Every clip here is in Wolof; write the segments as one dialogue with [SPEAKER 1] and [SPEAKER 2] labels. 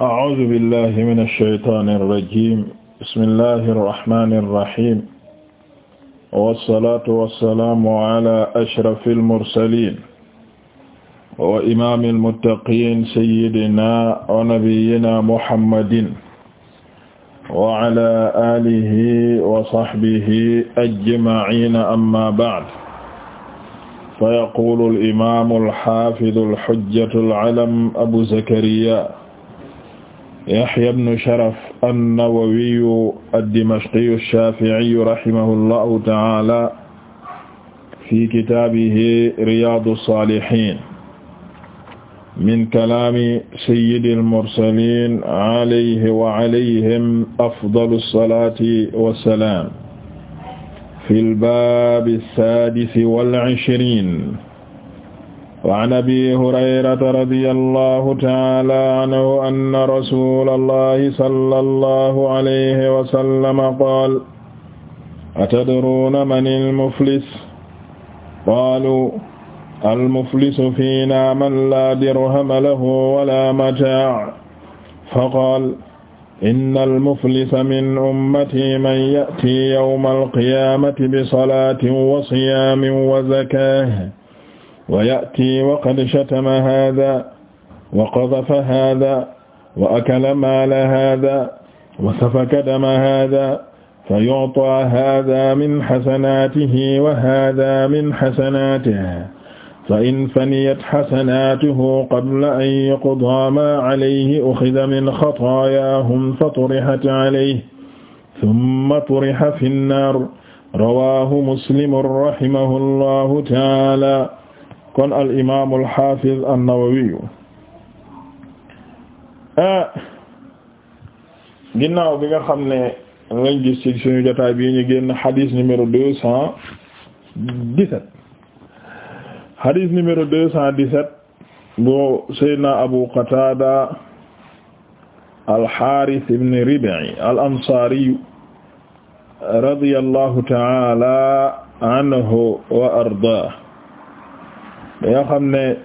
[SPEAKER 1] أعوذ بالله من الشيطان الرجيم بسم الله الرحمن الرحيم والصلاة والسلام على أشرف المرسلين وإمام المتقين سيدنا ونبينا محمد وعلى آله وصحبه أجمعين أما بعد فيقول الإمام الحافظ الحجة العلم أبو زكريا Yahya ibn Sharaf an-Nawawiyu ad-Dimashqiyu ash-Shafi'iyu rahimahullahu ta'ala fi kitaabihi Riyaadu as-Saalihiin min kalaami sayyidil mursaliin alayhi wa alayhim afdalu as-salaati was-salaam fil baabi as-saadisi wal ishriin waan abi hurayrata radiyallahu ta'ala anhu anna rasulallahi sallallahu alayhi wa sallam qaala atadruuna manil muflis qaaluu almuflisu fiinaa man laa dirhama lahu wa laa mataa' faqaala innal muflisa min ummatii man ya'tii yawmal qiyaamati bisalaatin wa siyaamin wa zakaatin wa ya'tii wa qad shatama haadha wa qadafa haadha wa akala maala haadha wa safaka dama haadha fa yu'taa haadha min hasanaatihi wa haadha min hasanaatihi fa in faniyat hasanaatuhu qabla an yuqdaa maa alayhi ukhida min xataayaahum fa turihat alayhi summa turiha fi nnaar rawaahu muslimun rahimahu llahu ta'aala kon al imaam al xaafiz an ah, ginnaaw bi nga xam ne lañ gis ci suñu jotaay bii ñu génn xadis numéro deux cent dix-sept xadis Abu Qatada al-Haaris ibn Rib'i al-Ansaari radiyallahu ta'ala anhu wa ardaahu da nga xam ne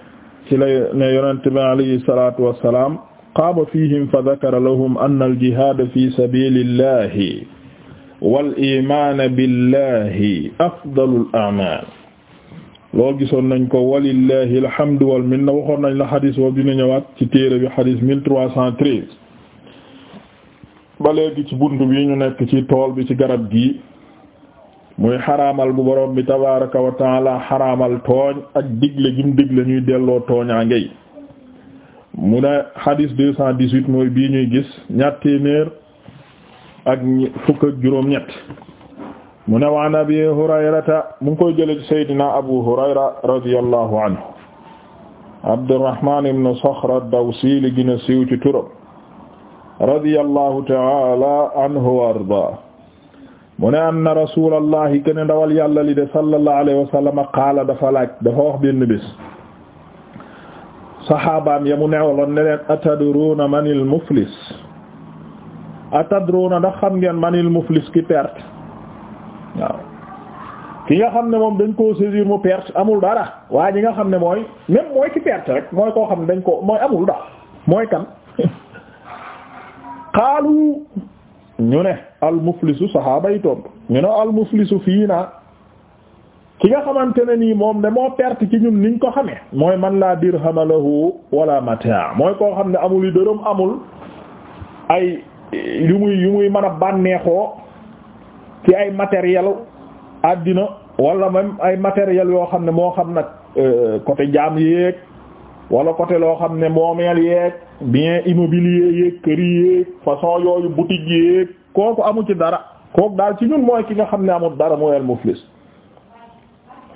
[SPEAKER 1] ci la ne yonente bi alayhi salatu wassalam qaama fihim fa dakara lahum anna aljihada fi sabilillahi wal imaana billahi afdalul a'maal loolu gisoon nañ ko walillahi alhamdu wal minna waxoon nañ la xadis boobu dina ñëwaat ci téere bi xadis mille trois cent treize ba léegi ci bi ñu nekk ci tool bi ci garab gi muy xaraamal bu borom bi tabaraka wa taala xaraamal tooñ ak digle gi digle ñuy delloo tooñaa ngay mu ne xadis mooy bii ñuy gis ñaar téeméer ak fukk ak juróom ñett mu ne waan abi hurayrata mu koy jële ci saydina abu hurayra radiyallahu anhu abdurrahman ibn Sakhr ad-Dawsi li gën a siiw ci taala anhu wa arda mu ne anna rasulallahi kene ndawal yàlla li de sallallahu alayhi wa sallam qaala dafa laaj dafa wax benn bés saxaabaam ya mu neewaloon ne leen atadruuna manil muflis atadruuna ndax xam ngeen manil muflis ki perte waaw ki nga xam ne moom dañ koo saisir mu perte amul dara waaye ñi nga xam ne mooy même mooy ki perte rek mooy koo xam ne dañ ko mooy amul dara mooy kan qaalu ñu ne almuflisu saxaaba yi tontu ñu ne almuflisu fii naa ki nga xamante ne nii moom de moo perte ci ñun niñ ko xamee mooy man laa dirham lahu wala mataa mooy koo xam ne amul yu dërëm amul ay yu muy yu muy mën a bànneexoo ci ay matériel àddina wala même ay matériel yoo xam ne moo xam nag euh, côté jaam yéeg wala côté loo xam ne moomeel yeeg bien immobilier yeeg kër yeeg façon yooyu boutique yeeg kooku amu ci dara kooku daal ci ñun mooy ki nga xam ne amul dara mooy al muflis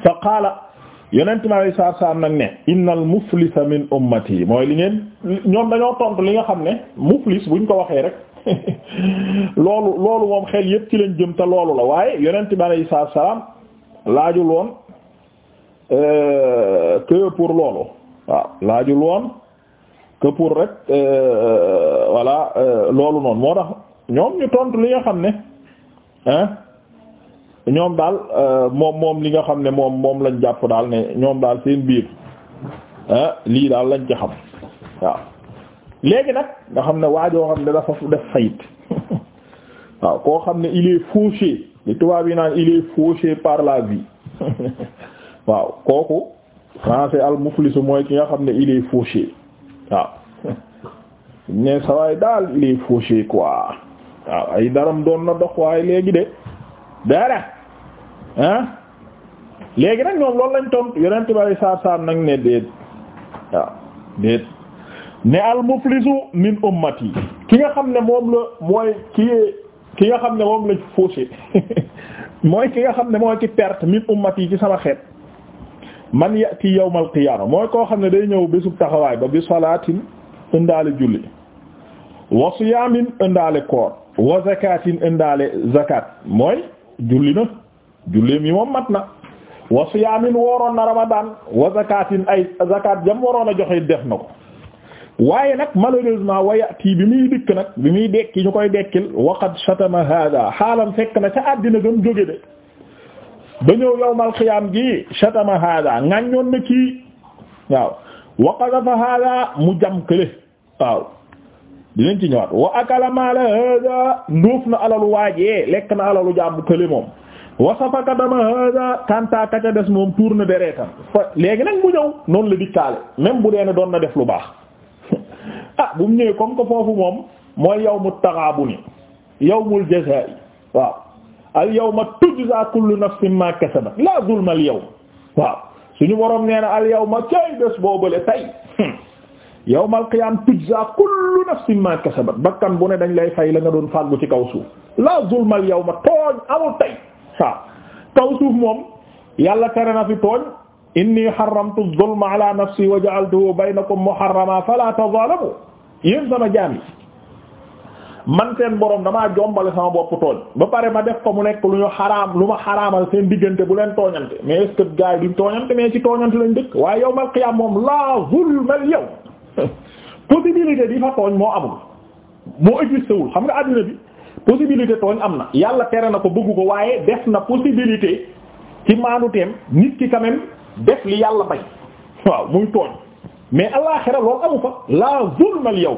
[SPEAKER 1] fa qaala yonent mi alay saatu salaam nag ne innal muflisa min ummati mooy li ngeen ñoom dañoo tontu li nga xam ne muflis buñ ko waxee rek loolu loolu moom xel yépp ci lañ jëm te loolu la waaye yonent mi alay saatu salaam laajul woon euh, que pour loolu waaw laajul woon que pour rek euh, euh, voilà euh, loolu noon moo tax ñoom ñu tontu li nga xam ne hein ñoom daal moom moom li nga xam ne moom moom lañ jàpp daal ne ñoom daal seen biir hein lii daal lañ ci xam waaw léegi nag nga xam ne waajoo xam ne dafa def fayit koo xam ne il est fauché li tubaab yi naan il est waaw kooku français al muflisu mooy ki nga xam ne il est fauché waaw ne sawaay daal il est fauché waaw ay daram doon na dox waaye léegi de dara ah léegi nag ñoom loolu lañ tontu yeneen tubaab yi saar saar nag ne déet waaw déet ki nga xam ne moom la mooy ki ki nga xam ne moom la fauché mooy ki nga xam ne mooy ki perte min ummati ci sama xeet. man yati yawmal qiyaama mooy koo xam ne day ñëw bésub taxawaay ba bi salaatin indaale julli wa siyaamin indaale koor wa zakaatin indaale zakat mooy julli na julli mi moom mat na wa siyaamin wooroon na ramadaan wa zakaatin ay zakat jam waroon a joxe def na ko waaye nag malheureusement wa yati bi muy dikk nag bi muy dekki ñu koy dekkil waqad shatama hada xaalam fekk na ca àddina gam jóge de ba ñëw yawmal xiyaam gi shatama hada ngañoon na kii waaw wa qadafa hada mu jam kële waaw dinañ ci ñëwaat wa akala maala hada ndóof na alalu waajee lekk na alalu jàmbu kële moom wa safaka dama hada kanta kaca des moom tuur na dereetam fa nag mu ñëw noonu la dikkaale même bu dee ne doon na def lu baax ah bu mu ñëwee comme que foofu moom mooy yawmut taxaabuni yawmul jazaa'i waaw al yawma tujza kullu nafsin ma kasabat la zulma al yawm waaw suñu boroom nee na al yawma cay bés boobale tay hmm, yawmal qiyaam tujza kullu nafsin ma kasabat bakkan bu ne dañ lay fay la nga doon fàggu ci kaw suuf la zulma al yawma tooñ amul tay waaw kaw suuf moom yàlla tere na fi tooñ inni harramtu zulma ala nafsi wa ja'altuhu baynakum muharrama fala tazalamu yéen sama jaam yi man seen borom damaa jombale sama bopp tooñ ba pare ma def ko mu nekk lu ñu xaraam lu ma xaraamal seen diggante bu leen tooñante mais est-ce que gars yi duñ tooñante mais ci tooñante lañ dëkk waaye yow mal xiyaam moom laa zulmal yow possibilité di fa tooñ moo amul moo existé wul xam nga àddina bi possibilité tooñ am na yàlla tere na ko bëggu ko waaye def na possibilité ci maanu teem nit ki quand même def li yàlla bañ waaw muy tooñ mais àllaxira loolu amu fa laa zulmal yow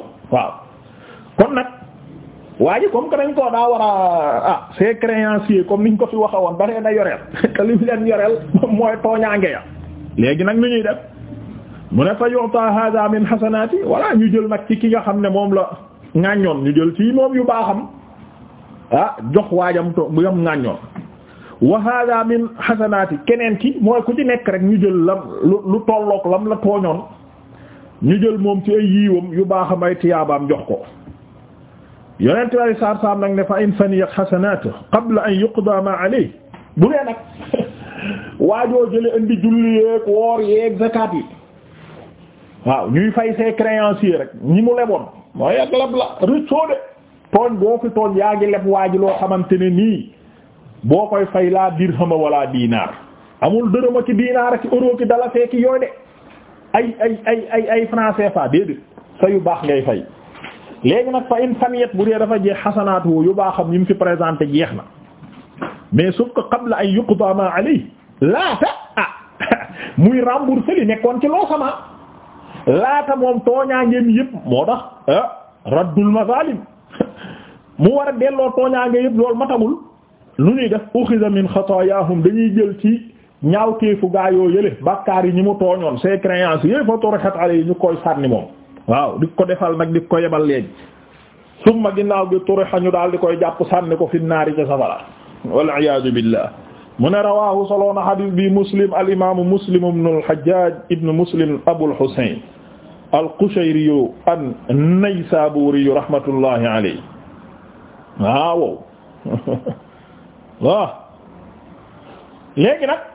[SPEAKER 1] waa waaye comme que dañ koo daa war a ah c'est créancier comme niñ ko fi waxa woon baree na yoreel te li leen yoreel mooy tooñaange ya léegi nag nu ñuy def mu ne fa yu'ta hadha min walla ñu jël nag ci ki nga xam ne moom la ŋàññoon ñu jël ci moom yu baaxam ah jox waajam to bu yam ŋàññoon wa hadha min keneen ki mooy ku ci nekk rek ñu jël lam lu tollook lam la tooñoon ñu jël moom ci ay yiiwam yu baaxam ay tiyaabaam jox ko yonent bi saar saar nag ne fa in faniyat xasanaatuhu qabla an yuqda ma alayhi bu dee nag waajoo jële indi julli yeeg woor yeeg zakat yi ñuy fay ses créanciers rek ñi mu leboon mooy ak leb tooñ boo fi tooñ yaa ngi leb waaji loo xamante ni nii boo koy fay laa dirhama wala diinaar amul dërëma ci diinaar ci euro ki dala feeki yooy de ay ay ay ay fa déedéet sa baax ngay fay léegi nag fa in faniyat bu dee dafa jeex xasanaatu yu baaxam yi mu fi présenté jeex na mais sauf que qabla ay yuqda ma alay laata ah muy rembourser li nekkoon ci loo sama laata moom tooñaangeem yëpp moo tax ah raddul mazalim mu war a delloo tooñaange yëpp loolu matagul lu ñuy def uxiza min xataayahum dañuy jël ci ñaawteefu gaa yoo yële bàkkaar yi ñi mu tooñoon ses créances yépp fa toroxat alay ñu koy sànni moom waaw di ko defal nag di ko yebal léegi summa ginnaaw gi turixa ñu daal di koy jàpp sànni ko fi naari ca safara waliyasu billah mu ne rawahu soloona hadis bi muslim al imamu muslim ibn al hajjaj ibn muslim abul husayn al qushayri an naysaburi rahmatullahi alayhi waaw waaw léegi nag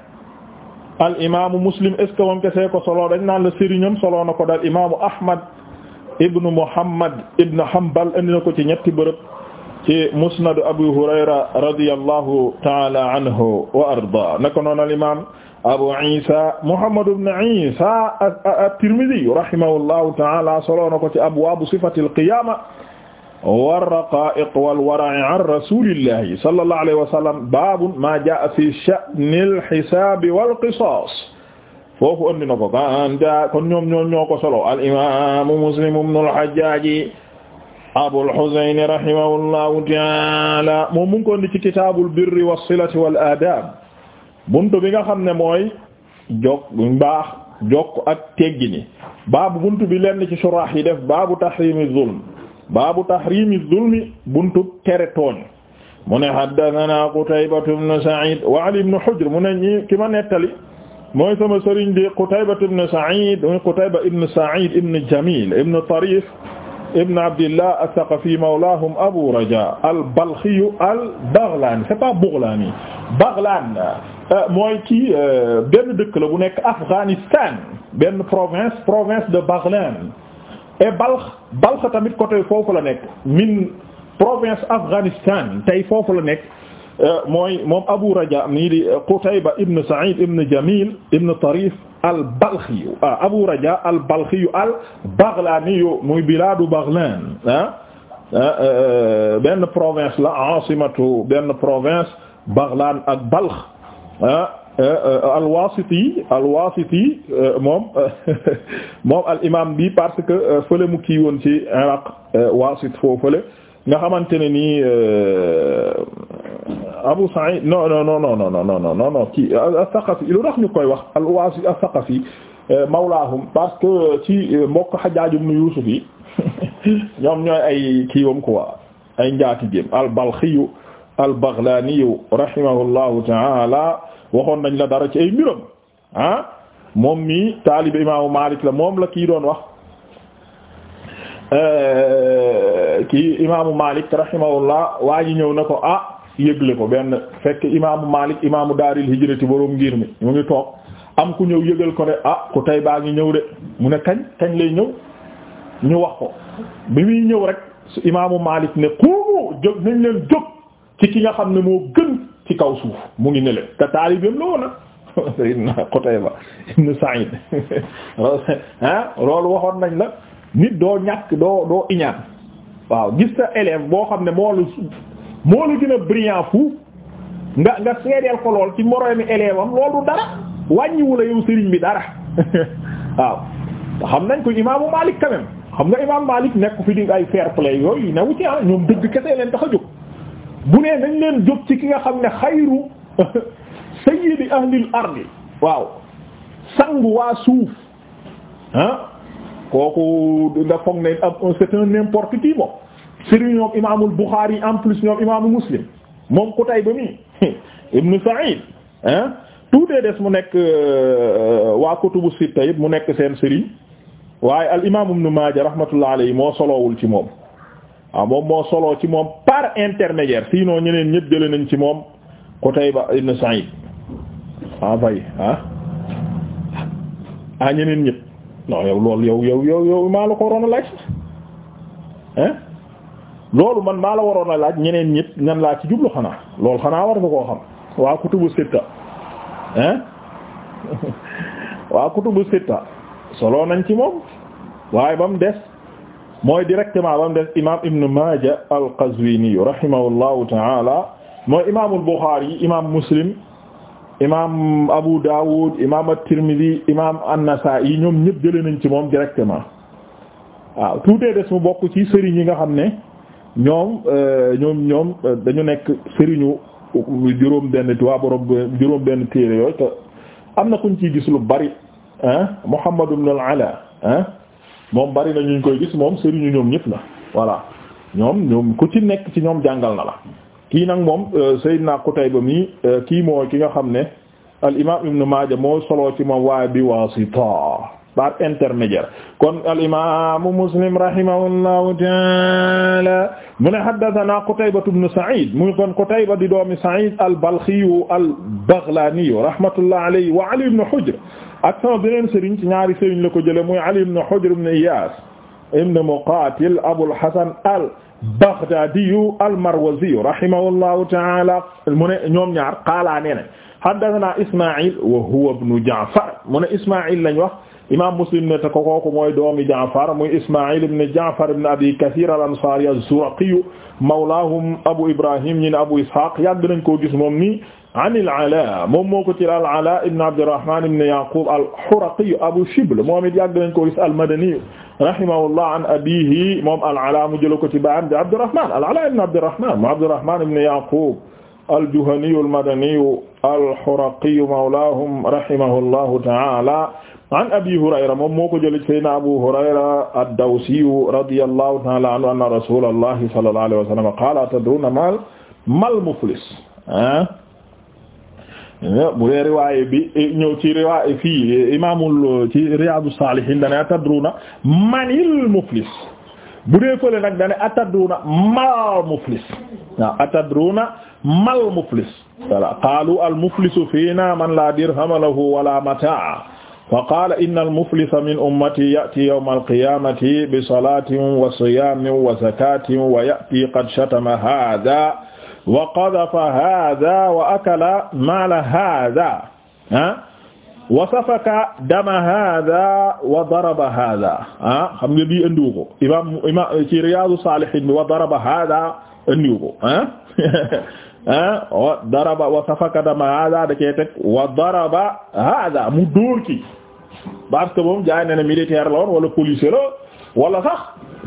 [SPEAKER 1] al imaamu muslim est ce que moom kese ko solo dañ naan la sëriñam solo na ko dal imaamu Ahmad ibn Muhammad ibn Hanbal indi na ko ci ñetti bërëb ci musnad Abu Hurayra radiyallahu ta'ala anhu wa arda naka noonu al imaam Abu Isa Muhammad ibn Isa at-Tirmidhi rahimahullahu ta'ala solo na ko ci abwaabu sifatil qiyaama warraqaa'iq wal wara'i an rasuulillahi sallallahu alayhi wa sallam baabu maa jaa'a fi sha'nil hisaabi wal qisaas foofu andi na ko kan ja kon ñoom ñoom ñoo ko solo al imaamu muslim ibnul hajjaaji abul husayn rahimahullahu ta'aala moom mu ngi ko indi ci kitaabul birri wassilati wal aadaab buntu bi nga xam ne mooy jokk mbaax jokk ak teggini baabu buntu bi lenn ci suraax yi def baabu tahriimi zulm baabu tahrimi zulmi buntub tere tooñ mu ne haddathana Qutaybatu ibn Sa'id wa Ali ibn Hujr mu ne ñi ki ma nettali mooy sama sëriñ di Qutaybatu ibn Sa'id muy Qutayba ibn Sa'id ibn Jamil ibn Tarif ibn Abdillah ath-Thaqafi mawlahum Abu Raja al-Balkhi al-Baghlani c'est pas Baghlani Baghlan euh, mooy kii euh, benn dëkk la bu nekk Afghanistan benn province province de Baghlan et Balx Balx tamit côté foofu la nekk min province Afghanistan tey foofu la nekk euh, mooy moom Abu Raja nii di euh, Qutayba ibn Sa'id ibn Jamil ibn Tarif al-Balkhi ah Abu Raja al-Balkhi al-Baghlani muy biladu Baghlan ah, ah euh, benn province la asimatu benn province Baghlan ak Balx ah Euh, euh, al-Wasiti al-Wasiti euh, moom moom bi parce que fële mu kii woon ci Iraq Wasit nga xamante ne nii Abu Sa'id non non non non non non non non koy wax al-Wasit as parce que ci mbokk Hajjaj ibn Yusuf yi ñoom ñooy ay kiiwam quoi ay njaati al-Balkhi al-Baghlani rahimahullahu ta'ala waxoon nañ la dara ci ay mbiram ah moom mii taalibe imaamu Maalik la moom la kii doon wax euh, kii imaamu Maalik rahimahullah waa ji ñëw na ko ah yëgle ko benn fekk imaamu Maalik imaamu daaril hijrati boroom ngir mi mu ngi toog am ku ñëw yëgal ko ne ah ku tey baa ngi ñëw de mu ne kañ kañ lay ñëw ñu wax ko bi muy ñëw rek su imaamu Maalik ne ku jóg nañ leen jóg ci ki nga xam ne moo gën ci kaw suuf mu ngi nele te taalibeem la woon a ah. Sayyidina Qutayba ibn Sa'id ah loolu waxoon nañ la nit doo ñàkk doo doo iñaan waaw gis sa élève boo xam ne moo lu moo lu gën a brillant fu nga nga seedeel ko lool ci moroomi élève am loolu dara wàññiwula yow sëriñ bi dara waaw xam nañ ko imaamu Malik quand xam nga imam Malik nekk fi di ay fair play yooyu newu ci ah ñoom dëgg kese leen tax jóg bu nee dañ leen jóg ci ki nga xam ne xayru sayyidi ahlil ardi waaw sangu waa suuf ah kooku nga foog ne c'est un n'importe qui moom sëriñ ñoom imaamul Bukhari en plus ñoom imaamu Muslim moom ku tay ba mi ibnu Sa'id ah tout des des mu nekk euh, waa kutubu sitta yëpp mu nekk seen sëriñ waaye al imaam ibnu Maaja rahmatullah alayhi moo solowul ci moom waaw ah, moom moo soloo ci moom par intermédiaire sinon ñeneen ñëpp jëlee nañ ci moom Qutayba ibn Sa'id ah fay ah ah ñeneen ñëpp non yow loolu yow yow yow yow maa la ko waroon a laaj hein loolu man maa la waroon a laaj ñeneen ñëpp ñan laa ci jublu xanaa loolu xanaa war nga koo xam waa kutubu sitta hein waa kutubu sitta soloo nañ ci moom waaye ba mu des. mooy directement ba mu des imaam Ibn Maaja al-Qazwiini rahimahullahu ta'ala mooy imaamul Buxaari imaam Muslim imaam Abu Daawud imaam at-Tirmidhi imaam an-Nasaa'i ñoom ñëpp jëlee nañ ci moom directement waaw tuutee des mu bokk ci sëriñ yi nga xam ne ñoom euh, ñoom ñoom euh, dañu nekk sëriñu juróom benn waa borom juróom benn téere yooyu te am na kuñ ci gis lu bari ah Muhammad ibn al moom bari na ñu koy gis moom sëriñu ñoom ñëpp la voilà ñoom ñoom ku ci nekk ci ñoom jàngal na la kii nag moom euh, Seydina Qutayba mi euh, kii mooy ki nga xam ne al imaam Ibn Maaja moo solo ci moom waaye bi wasita par intermédiaire kon al imaamu Muslim rahimahullahu taala mu ne haddathana Qutayba ibn Sa'id muy kon Qutayba di doomi Sa'id al-Balkhi al-Baghlani rahmatullahi alayhi wa Ali ibn Hujr ak sama beneen sëriñ ci ñaari sëriñ la ko jële muy Ali ibn Hujr ibn Iyas ibn Muqatil Abul Hasan al-Baghdadiyu al-Marwaziyu rahimahullahu ta'ala mu ne ñoom ñaar qaala nee na haddathana Isma'il wa huwa ibn Ja'far mu ne Isma'il lañ wax imam Muslim ne te ko kooku mooy doomi Jaafar muy Ismaïl ibn Jaafar ibn Abi Kathir al-Ansari az-Zuraqi mawlahum Abu Ibrahim ñi ne Abu Ishaq yàgg nañ koo gis moom nii an al-Ala moom moo ko ci al-Ala ibn Abdurrahman ibn Yaqub al-Huraqi Abu Shibl moom it yàgg nañ koo gis al-Madani rahimahullah an abihi moom al-Ala mu jël ko ci baayam di Abdurrahman al-Ala ibn Abdurrahman mu Abdurrahman ibn Yaqub al-Juhani al-Madani al-Huraqi mawlahum rahimahullahu ta'ala an abi hurayra moom moo ko jëlee sayyidina abu hurayra ad-dawsiyu radiyallahu ta'ala anhu anna rasulallahi sallallahu alayhi wa sallam qaala tadruna mal mal muflis ah bu dee riwaay bi ñëw ci riwaay fii imaamul ci riyaadu saalihiin dane atadruna manil muflis bu dee fële nag dane atadruna mal muflis waaw ah, atadruna mal muflis voilà qaalu al muflisu fiina man la dirhama lahu wala mataa fa qaala inna al-muflisa min ummati ya'ti yawma al-qiyaamati bi salaatin wa siyaamin wa zakaatin wa ya'ti qad shatama haadha wa qadhafa haadha wa akala maala haadha wa safaka dama haadha wa daraba haadha ah xam nga bii andiwu ko imaam imaam ci Riyaadu Saalihiin bi wa daraba haadha andiwu ko ah ah wa daraba wa safaka dama haadha da cee teg wa daraba haadha mu dóor ki parce que moom jaay na militaire la woon wala policier la wala sax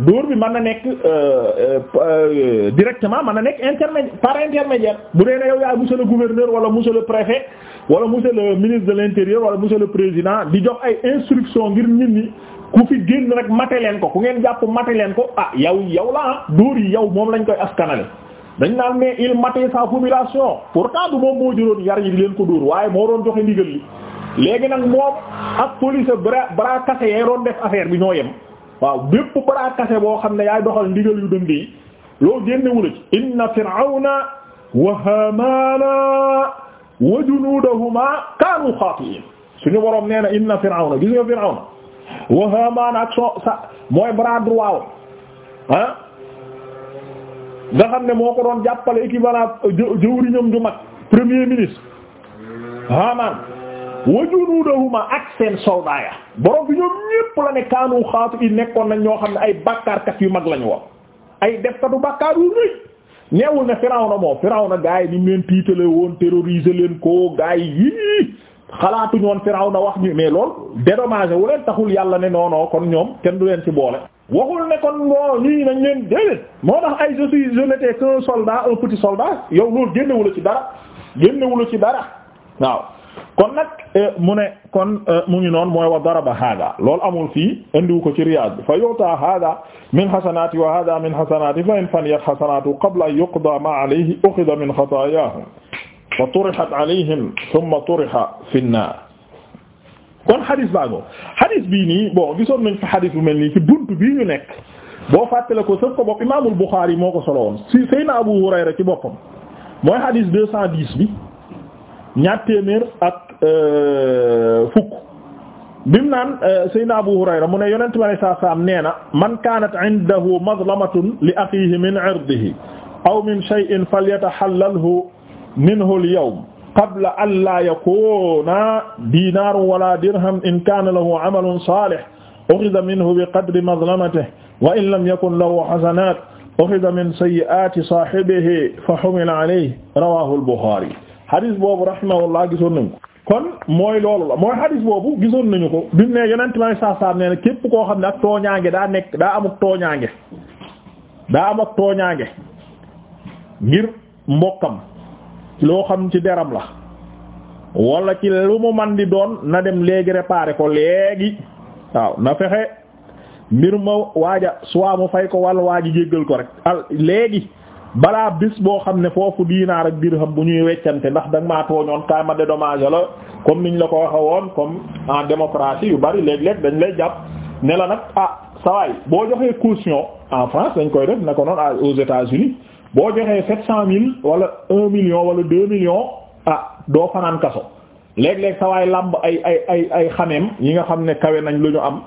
[SPEAKER 1] dóor bi man na nekk euh, euh, directement man na nekk intermédiaire par intermédiaire bu dee ne yow yaay monsieur le gouverneur wala monsieur le préfet wala monsieur le ministre de l'intérieur wala monsieur le président di jox ay instructions ngir nit ñi ku fi génn rek mate leen ko ku ngeen jàpp mate leen ko ah yow yow la ah dóor yi yow moom lañ koy askanale dañ naan ne il matait sa population pourtant du moom moo yar yi leen ko dóor waaye moo doon joxe ndigal li léegi nag moom ak police bras bras cassé yaay affaire bi ñoo yem waaw bépp bras boo xam ne yaay doxal ndigal yu dënd yi loolu génnewula ci inna firawna wa haamaana kaanu xaati'in suñu boroom nee inna firawna gis firawna wa ak so mooy bras droit ah nga xam ne moo ko doon jàppale équivalent jëwriñam ju premier ministre haamaan wa junuudahuma ak seen soldat ya borom bi ñoom ñépp la ne kaanu xaatu yi nekkoon nañ ñoo xam ne ay bàkkaarkat yu mag lañu wax ay defkatu bàkkaar yu rëy neewul ne Firawna moom Firawna gaa yi ni mu leen tiitale woon terroriser leen ko gaa yi yii xalaatuñu woon Firawna wax ñu mais lool dédommagé wu leen taxul yàlla ne non kon ñoom kenn du leen ci boole. waxul ne kon moo ñii nañ leen déedéet moo tax ay je suis je n'étais qu'un soldat un petit soldat yow loolu génnewula ci dara génnewula ci dara kon nag eh, mu ne kon eh, mu ngi noonu mooy wa daraba hada loolu amul fii indiwu ko ci Riyad bi fa yu'ta hada min hasanati wa hada min hasanati fa in faniyat hasanatu qabla an yuqda ma alayhi ukhidha min khatayahum fa turihat alayhim thumma turiha fi an-nar kon hadis baago hadis bii nii bon gisoon nañ fa hadis bu mel nii ci buntu bii ñu nekk boo fàttale ko sëf ko bopp Imaamul Buxaari moo ko solo woon si Seydina Abu Hurayra ci boppam mooy hadis 210 bi ñaar téeméer ak euh, fukk bi mu naan euh, Seydina Abu Hurayra mu ne yonent bi sallallahu alayhi wasallam nee na man kaanat indahu mazlamatun li axiihi min irdihi aw min shay'in falyatahallalhu minhu al-yawm qabla an laa yakuuna diinaarun wala dirham in kaana lahu amalun saalih uxida minhu bi qadri mazlamatihi wa in lam yakun lahu hasanaat uxida min sayyi'aati saahibihi fa humila alayhi rawaahu al-Buxaari hadis boobu laa gisoon nañ ko kon mooy loolu la mooy hadis boobu gisoon nañu ko bi mu ne yonent may saasaam na képp koo xam ne ak tooñaange daa nekk daa am ak tooñaange daa am ak tooñaange ngir mbokkam loo xam ci deram la wala ci lu mu man di doon na dem léegi réparer ko léegi waaw na fexe mbir ma waaja soit mu fay ko wala waaji jéggal ko rek al léegi balaa bis boo xam ne foofu diinaar ak dirham bu ñuy weccante ndax da nga maa tooñoon kaay ma dédommage la comme niñ la ko waxe woon comme en démocratie yu bari léeg-léeg dañ lay jàpp ne la nag ah sawaay boo joxee caution en France dañ koy def na ko noonu aux États-Unis boo joxee sept cent mille wala un million wala deux millions ah doo fanaan kaso léeg-léeg sawaay làmb ay ay ay ay xameem yi nga xam ne kawe nañ lu ñu am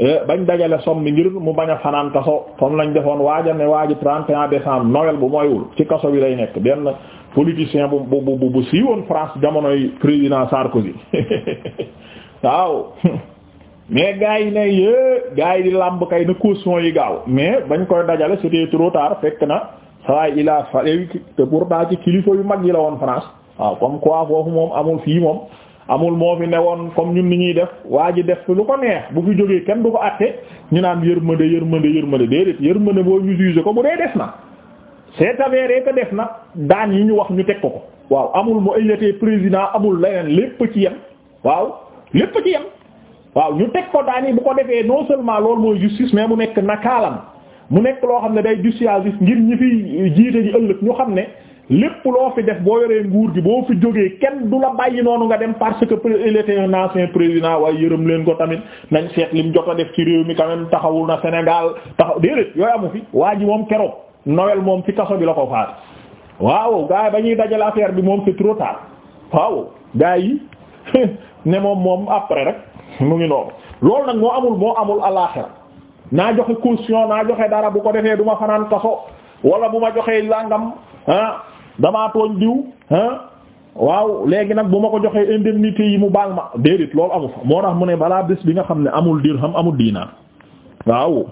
[SPEAKER 1] Eh, bañ dajale somme bi ngir mu bañ a fanaan kaso comme lañ defoon waaja ne waaju waaji 31 décembre Noël bu moywul ci kaso bi lay nekk benn politicien bu bu bu bu siiwoon France jamonoy président Sarkozy waaw mais gars yi ne yé eh, yi di làmb kay na caution yi gaaw mais bañ koy dajale c'était trop tard fekk na sawaay ilaa falewi te pourtant ci kilifa yu mag yi la woon France waaw comme quoi foofu moom amul fii moom amul moo fi woon comme ñun ni ñuy def waa ji def lu ko neex bu fi jógee kenn du ko àtte ñu naan yërmande yërmande yërmande déedéet yërmande boo ñu jugé ko bu dee des na c'est avéré que def na daan yi ñu wax ñu teg ko ko waaw amul mu ayatee président amul leneen lépp ci yem waaw lépp ci yem waaw ñu teg ko daan yi bu ko defee non seulement loolu mooy justice mais mu nekk nakaalam mu nekk loo xam ne day justice ngir ñi fi jiite ji ëllëg xam ne lépp loo fi def boo yoree nguur gi boo fi jógee kenn du la bàyyi noonu nga dem parce que il était un ancien président waaye yërëm leen ko tamit nañ seet lim jot a def ci réew mi quand même taxawul na Sénégal taxaw déedéet yooyu amu fi waa ji moom keroog Noël moom fi kaso bi la ko faat waaw gars yi ba ñuy dajale affaire bi moom c'est trop waaw gars yi ne moom moom après rek mu ngi noonu loolu nag moo amul moo amul alaaxira naa joxe caution naa joxe dara bu ko defee du ma fanaan kaso wala bu ma joxee langam ah. damaa tooñ diw waaw léegi nag bu ma ko joxee indemnité yi mu baal ma déedéet loolu amu fa moo tax mu ne balaa bés bi nga xam ne amul diir dirham amul diinaar waaw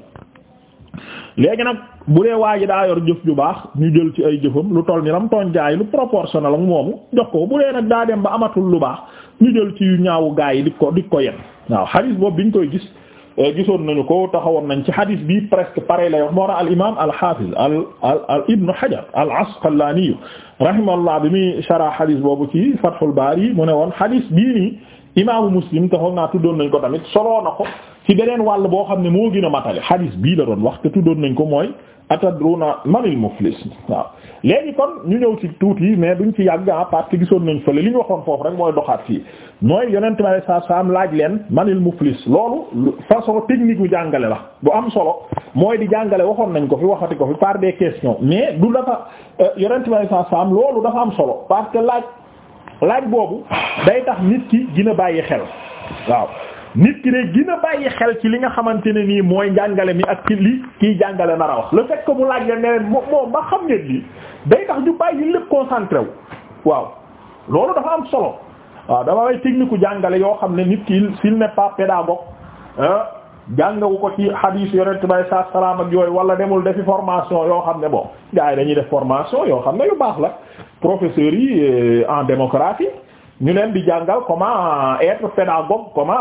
[SPEAKER 1] léegi nag bu dee waa ji daa yor jëf ju baax ñu jël ci ay jëfam lu toll ni lam tooñ jaay lu proportionnel ak moomu jox ko bu dee nag daa dem ba amatul lu baax ñu jël ci ñaawu gaa yi dik ko di ko yen waaw xadiis boobu biñ koy gis Euh, gisoon nañu ko taxawoon nañ ci hadith bi presque pareil lay wax moo tax al imaam al hafiz al al al ibn hajar al asqalani rahimahullah bi muy shara hadith boobu ci fathul bari mu ne woon hadith bii nii imaamu muslim taxaw naa doon nañ ko tamit soloo na ko ci beneen wàll boo xam ne moo gën a matale hadith la doon wax te doon nañ ko mooy atadruna manil muflis waaw léegi kon ñu ñëw ci tuuti mais duñ ci yàgg ah parce que gisoon nañ fële li ñu waxoon foofu rek mooy doxaat fii mooy yonent ma sa saam laaj leen manil muflis loolu façon technique yu jàngale la bu am solo mooy di jàngale waxoon nañ ko fi waxati ko fi par de questions mais du dafa euh, yonent ma sa am loolu dafa am solo parce que laaj laaj boobu day tax nit ki gën a bàyyi xel waaw nit ki day gën a bàyyi xel ci li nga xamante ne nii mooy njàngale mi ak ci li kiy jàngale nar a wax le mu laaj la ne moom ba xam ngeen lii day tax ñu bàyyi lépp concentré wu waaw loolu dafa am solo waaw dama way technique jàngale yoo xam ne nit ki s'il n'est pas pédagogue jàngawu ko ci hadis yonent bay sa salaam ak yooyu wala demul defi formation yoo xam ne bon gars yi dañuy def formation yoo xam ne yu baax la professeurs yi euh, en démographie ñu leen di jàngal comment être pédagogue comment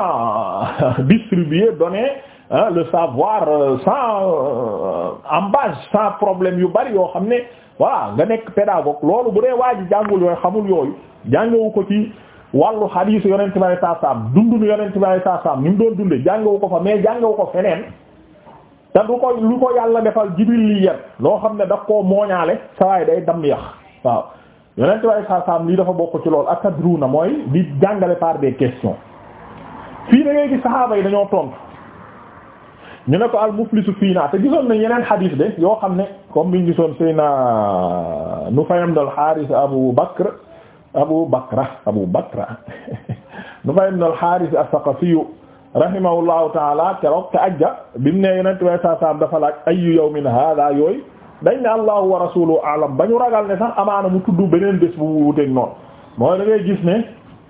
[SPEAKER 1] distribuer donner le savoir euh, sans embâche euh, sans problème yu bari yoo xam ne voilà nga nekk pédagogue loolu bu dee waa ji jàngul yooyu xamul yooyu jàngewu ko ci wàllu xadiis yonent bi sallallahu alayhi wasallam dundu yonent bi sallallahu alayhi wasallam ni mu doon dundee jàngewu ko fa mais jàngewu ko feneen te du ko lu ko yàlla defal jibril li yet loo xam ne daf koo mooñaale sawaay day damm yax waaw yonent bi alei saat lii dafa bokk ci loolu na mooy di jàngale par des questions fii da ngay gis saxaaba yi dañoo tontu ñu ne ko al muflisu fii naa te gisoon nañ yeneen xadiis de yoo xam ne comme biñ gisoon Seydina Nufay ibn al Haaris Abu Bakr Abu Bakra Abu Bakra Nufay ibn al Haaris a saqafi rahimahullahu taala keroog te ajja bi mu ne yonent bi alei saat dafa laaj yow yawmin haadaa yooyu dañ ne allahu wa rasuluhu alam ba ñu ragal ne sax amaana mu tudd beneen bés bu wuteeg noonu mooy da ngay gis ne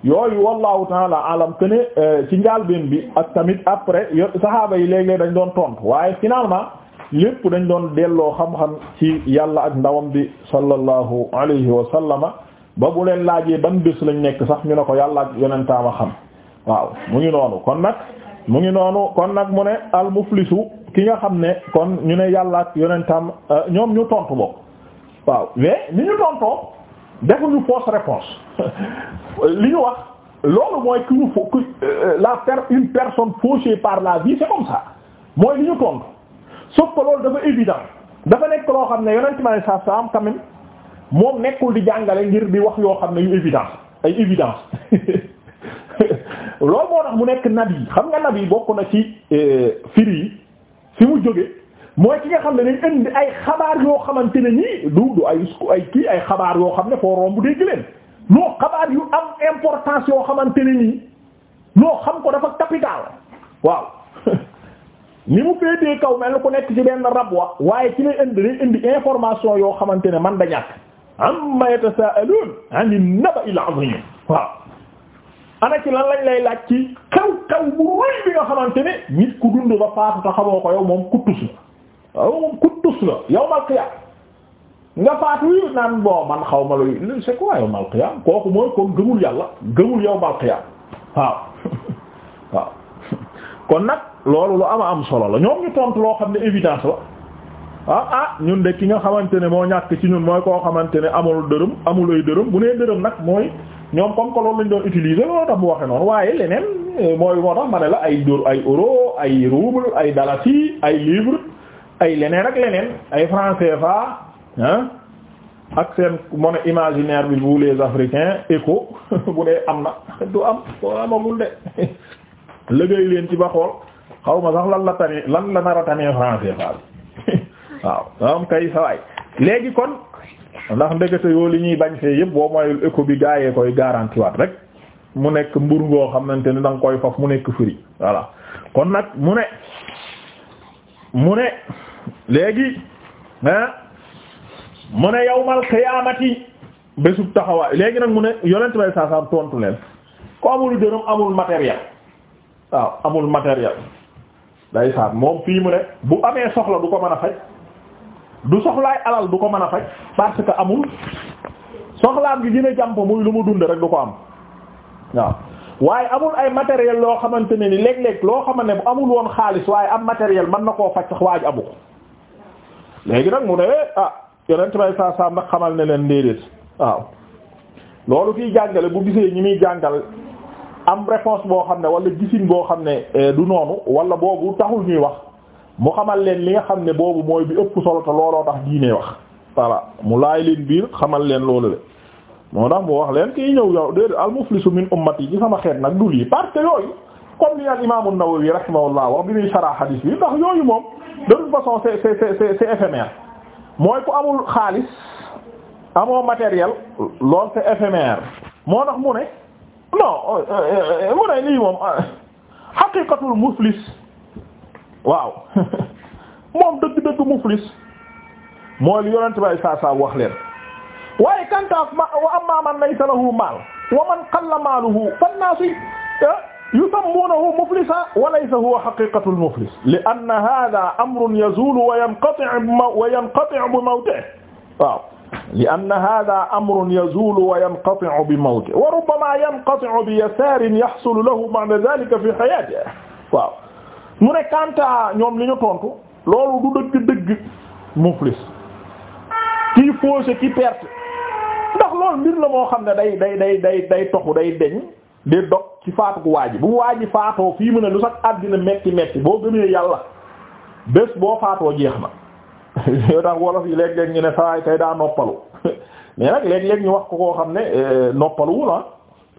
[SPEAKER 1] yooyu wallahu taala alam que ne euh, ci njaalbeen bi ak tamit après saxaaba yi léeg-léeg dañ doon tontu waaye finalement lépp dañ doon delloo xam-xam ci yàlla ak ndawam bi sallallahu alayhi wa sallama ba bu leen laajee ban bés lañ nekk sax ñu ne ko yàlla ak yonentaama xam waaw mu ngi noonu kon nag mu ngi noonu kon nag mu ne al muflisu ki nga xam ne kon ñu ne yàllaa ak yonentam euh, ñoom ñu tontu bokk waaw we ni ñu tontoo defuñu fausse réponse li ñu wax loolu mooy ku ñu fo euh, la per une personne fauchée par la vie comme ça mooy li ñu tontu sauf que loolu dafa évident dafa nekk loo xam ne yonent ma ne saa saa am quand même moom nekkul di jàngale ngir di wax yoo xam ne yu évidence ay évidence loolu moo tax mu nekk nabi xam nga nabi bokk na ci eh, firi yi fi mu jóge mooy ki nga xam ne dañ indi ay xabaar yoo xamante ne nii du du ay ay kii ay xabaar yoo xam ne foo romb dégg leen noo xabaar yu am importance yoo xamante ne nii noo xam ko dafa capital waaw ni mu féetee kaw mel ni ku nekk ci benn rab wa waaye ci lay indi day indi information yoo xamante ne man da ñàkk amma yatasaalun ani naba il azim waaw ana ci lan lañ lay laaj ci xew xew bu rëy bi nga xamante ne nit ku dund ba faatu te ko yow moom kuttus la yow moom nga faatu yi naan bon man xaw ma lu c'est quoi yow mal xiyaam kooku mooy kon gëmul yàlla gëmul yow mal xiyaam waaw waaw kon nag loolu lu ama am solo la ñoom ñu tontu loo xam ne évidence la ah ah ñun de ki nga xamante ne moo ñàkk ci ñun mooy koo xamante ne amul dërëm amul dërëm bu nee dërëm nag mooy ñoom comme ko loolu lañ doon utiliser loolu tax mu waxe noonu waaye leneen euh, mooy moo tax ma la ay dóor ay euro ay rouble ay dalasi ay livre ay leneen ak leneen ay franc CFA ah ak seen monnaie imaginaire bi vous les africains éco bu dee am na du am ko amagul de liggéey leen ci ba xool xaw ma sax lan la tane lan la nar a tane franc bi waaw am kay sawaay léegi kon ndax ndekete yoo li ñuy bañ fee yëpp boo mooy éco bi gaayee koy garanti waat rek mu nekk mbur ngoo xamante ne da nga koy faf mu nekk firi voilà kon nag mu ne mu ne léegi ah mu ne yawmal qiyaamati bésub taxawaay léegi nag mu ne yonent bay saasaam tontu leen ko amul dërëm amul matériel waaw amul matériel day saat moom fii mu ne bu amee soxla du ko man a faj du soxlaay alal du ko mën a faj parce que amul soxlaam gi gën a jàmp muy lu mu dund rek du ko am waaw waaye amul ay matériel loo xamante ne ni léeg-léeg loo xaman ne bu amul woon xaalis waaye am matériel man na koo faj sax waaj amu ko léegi nag mu ne ah yonent bay saa saam nag xamal ne leen déedéet waaw loolu kiy jàngale bu gisee ñi muy jàngal am réponse boo xam ne wala gisin boo xam ne eh, du noonu wala boobu taxul ñuy wax mu xamal leen li nga xam ne boobu mooy bi ëpp solo te looloo tax diine wax voilà mu laay leen biir xamal leen loolu le moo ndax mu wax leen kii ñëw yow déedé al muflisu min ummati yi ci sama xeet nag dul yi parce que yooyu comme li al imam an-Nawawi rahimahullah wax bi ñuy sarah hadis bi ndax yooyu moom de toute façon c'est c'est c'est c'est éphémère mooy ku amul xaalis amoo matériel loolu c'est éphémère moo tax mu ne non euh, euh, euh, mu ne lii moom haqiqatul muflis waaw moom dëgg-dëgg muflis mooy li yonent bay saa saa wax leen waaye kantaaf ma wa amma man laysa lahu maal wa man qalla maaluhu fannaasu eh, yusammuunahu muflisan wa laysa huwa haqiiqatul muflis li anna haadaa amrun yazuulu wa yanqati'u wa yanqati'u bi mawtihi waaw li anna haadaa amrun yazuulu wa yanqati'u bi mawtihi wa rubbamaa yanqati'u bi yasaarin yahsulu lahu ba'da dhaalika fii hayaatihi waaw mu ne kanta ñoom li ñu tontu loolu du dëgg-dëgg muflis kii fausse ki perte ndax loolu mbir la moo xam ne day day day day day toxu day deñ di dog ci faatu ku waaji bu waaji faatoo fii mu ne lu sax àddina metti metti boo gëmee yàlla bés boo faatoo jeex na yoo tax wolof yi léeg-léeg ñu ne sawaay tay daa noppalu mais nag léeg-léeg ñu wax ko koo xam ne euh, noppaluwul ah